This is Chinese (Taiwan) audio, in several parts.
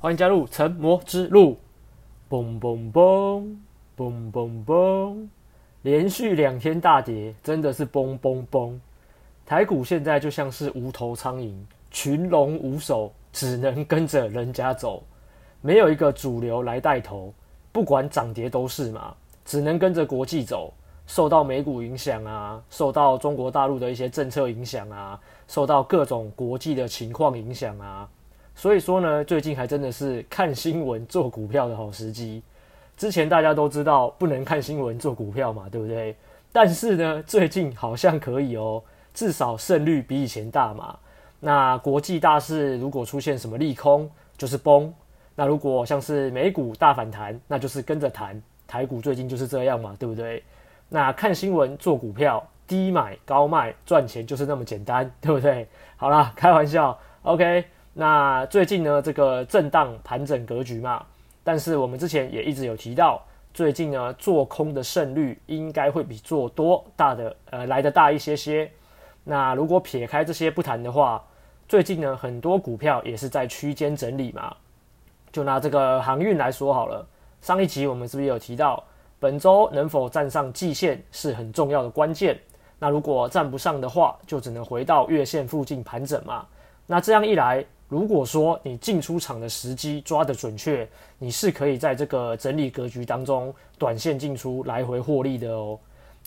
歡迎加入成魔之路，嘣嘣嘣，嘣嘣嘣，連續兩天大跌，真的是嘣嘣嘣。台股現在就像是無頭蒼蠅，群龍無首，只能跟着人家走，沒有一個主流來帶頭，不管漲跌都是嘛，只能跟着國際走，受到美股影響啊，受到中國大陸的一些政策影響啊，受到各種國際的情況影響啊。所以說呢，最近還真的是看新聞做股票的好時機。之前大家都知道不能看新聞做股票嘛，對不對？但是呢，最近好像可以哦，至少勝率比以前大嘛。那國際大事如果出現什麼利空，就是崩；那如果像是美股大反彈，那就是跟着彈。台股最近就是這樣嘛，對不對？那看新聞做股票，低買高賣賺錢就是那麼簡單，對不對？好啦，開玩笑，OK。那最近呢，這個震盪盤整格局嘛，但是我們之前也一直有提到，最近呢，做空的勝率應該會比做多大的呃來得大一些些。那如果撇開這些不談的話，最近呢，很多股票也是在區間整理嘛。就拿這個航運來說好了，上一集我們是不是有提到，本周能否站上季線是很重要的關鍵？那如果站不上的話，就只能回到月線附近盤整嘛。那這樣一來。如果說你進出場的時機抓得準確，你是可以在這個整理格局當中短線進出來回獲利的哦。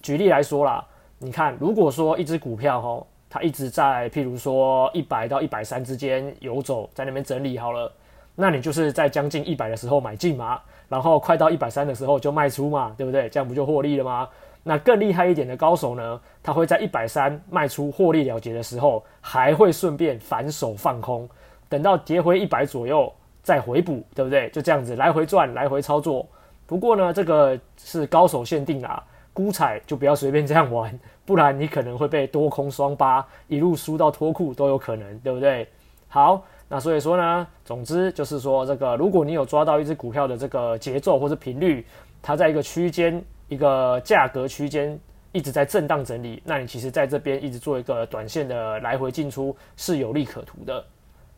舉例來說啦，你看，如果說一隻股票哈，它一直在譬如說一百到一百三之間游走，在那邊整理好了，那你就是在將近一百的時候買進嘛，然後快到一百三的時候就賣出嘛，對不對？這樣不就獲利了嗎？那更厲害一點的高手呢，他會在一百三賣出獲利了結的時候，還會順便反手放空。等到跌回一百左右再回補，對不對？就這樣子來回轉、來回操作。不過呢，這個是高手限定啊，股菜就不要隨便這樣玩，不然你可能會被多空雙巴一路輸到脫褲都有可能，對不對？好，那所以說呢，總之就是說，這個如果你有抓到一隻股票的這個節奏或者頻率，它在一個區間、一個價格區間一直在震盪整理，那你其實在這邊一直做一個短線的來回進出是有利可圖的。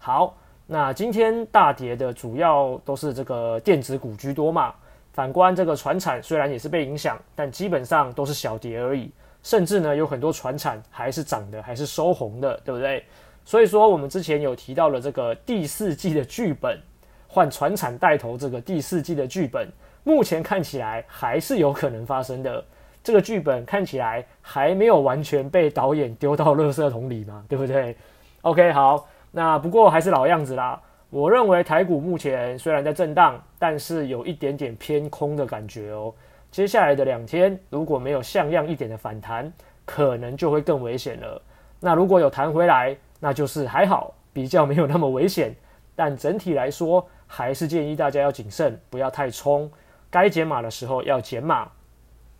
好，那今天大跌的主要都是這個電子股居多嘛。反觀這個傳產，雖然也是被影響，但基本上都是小跌而已，甚至呢有很多傳產還是漲的，還是收紅的，對不對？所以說我們之前有提到了這個第四季的劇本，換傳產帶頭這個第四季的劇本，目前看起來還是有可能發生的。這個劇本看起來還沒有完全被導演丟到垃圾桶裡嘛，對不對？OK，好。那不過還是老樣子啦。我認為台股目前雖然在震盪，但是有一點點偏空的感覺哦、喔。接下來的兩天如果沒有像樣一點的反彈，可能就會更危險了。那如果有彈回來，那就是還好，比較沒有那麼危險。但整體來說，還是建議大家要謹慎，不要太衝，該減碼的時候要減碼。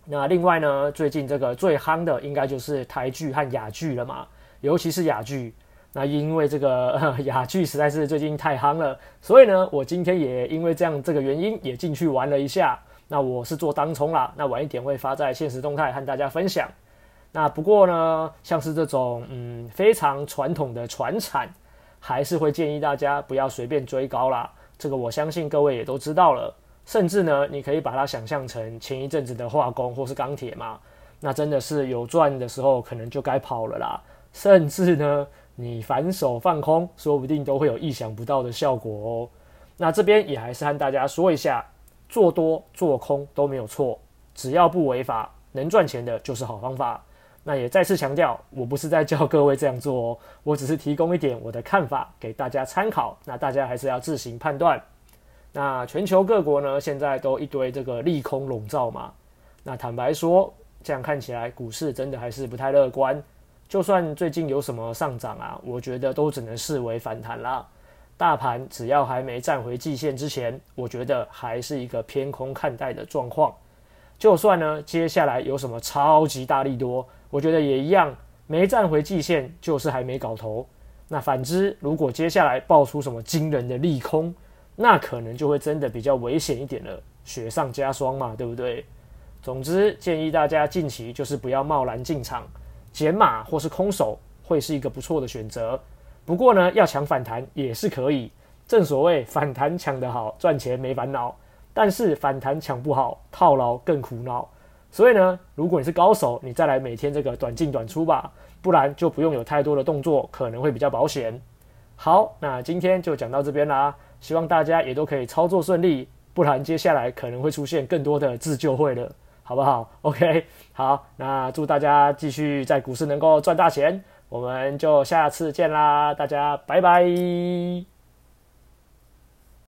那另外呢，最近這個最夯的應該就是台聚和亞聚了嘛，尤其是亞聚。那因為這個雅劇實在是最近太夯了，所以呢，我今天也因為這樣這個原因也進去玩了一下。那我是做當衝啦，那晚一點會發在限時動態和大家分享。那不過呢，像是這種嗯非常傳統的傳產，還是會建議大家不要隨便追高啦。這個我相信各位也都知道了。甚至呢，你可以把它想象成前一陣子的化工或是鋼鐵嘛，那真的是有賺的時候可能就該跑了啦。甚至呢，你反手放空，說不定都會有意想不到的效果哦。那這邊也還是和大家說一下，做多做空都沒有錯，只要不違法，能賺錢的就是好方法。那也再次強調，我不是在教各位這樣做哦，我只是提供一點我的看法給大家參考。那大家還是要自行判斷。那全球各國呢，現在都一堆這個利空籠罩嘛。那坦白說，這樣看起來股市真的還是不太樂觀。就算最近有什麼上漲啊，我覺得都只能視為反彈啦。大盤只要還沒站回季線之前，我覺得還是一個偏空看待的狀況。就算呢，接下來有什麼超級大利多，我覺得也一樣，沒站回季線就是還沒搞頭。那反之，如果接下來爆出什麼驚人的利空，那可能就會真的比較危險一點了，雪上加霜嘛，對不對？總之，建議大家近期就是不要貿然進場。減碼或是空手會是一個不錯的選擇，不過呢，要搶反彈也是可以。正所謂反彈搶得好，賺錢沒煩惱；但是反彈搶不好，套牢更苦惱。所以呢，如果你是高手，你再來每天這個短進短出吧，不然就不用有太多的動作，可能會比較保險。好，那今天就講到這邊啦，希望大家也都可以操作順利，不然接下來可能會出現更多的自救會了。好不好？OK，好，那祝大家繼續在股市能夠賺大錢，我們就下次見啦，大家拜拜！